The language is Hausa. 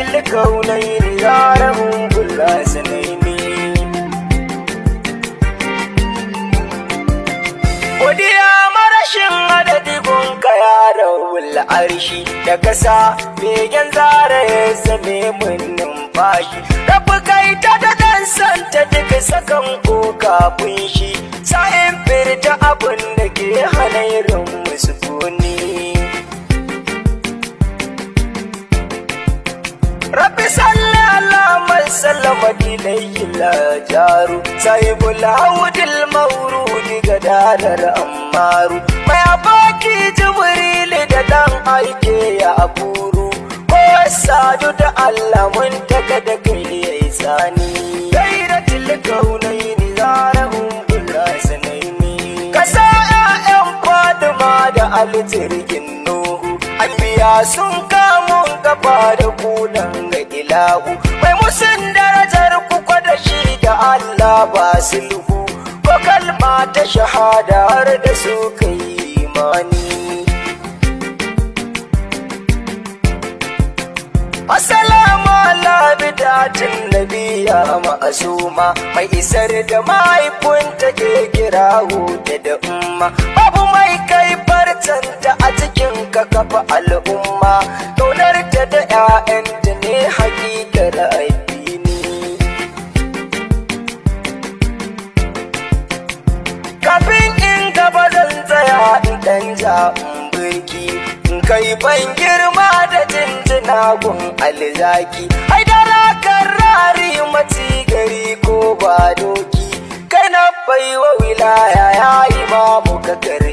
الكونين يا رب كل ne. godiya marashin adadi gunka ya rawul arshi da kasa begen zara ya zame mun numfashi rabu kai ta da dan santa duk sakan ko kafin shi sa'in firta abin da ke hana irin rabbi salli ala man sallama ilayhi la jaru sahibul hawdil mawrudi gadarar ammaru mai abaki jibril da dan aike ya aburu ko sadu da allah mun daga da kai yayi sani dairatul kaunaini zarahum bil Ka sa ya'yan fatima da alitirgin nuhu anbiya sun kamun gaba da kunan ila'u mai musun darajar ku kwada shi da Allah ba sulhu ko kalma ta shahada har da su kai imani Assalamu ala bidatin nabiya ma'asuma mai isar da mahaifinta ke kira da da umma babu mai kai farcanta a cikin ka kafa al'umma kaunar ta da 'ya'yanta ne haƙi dan birki kai ban girma da jinjina gun alzaki ai dara karari mati gari ko ba doki kai na baiwa wilaya ya ma kakari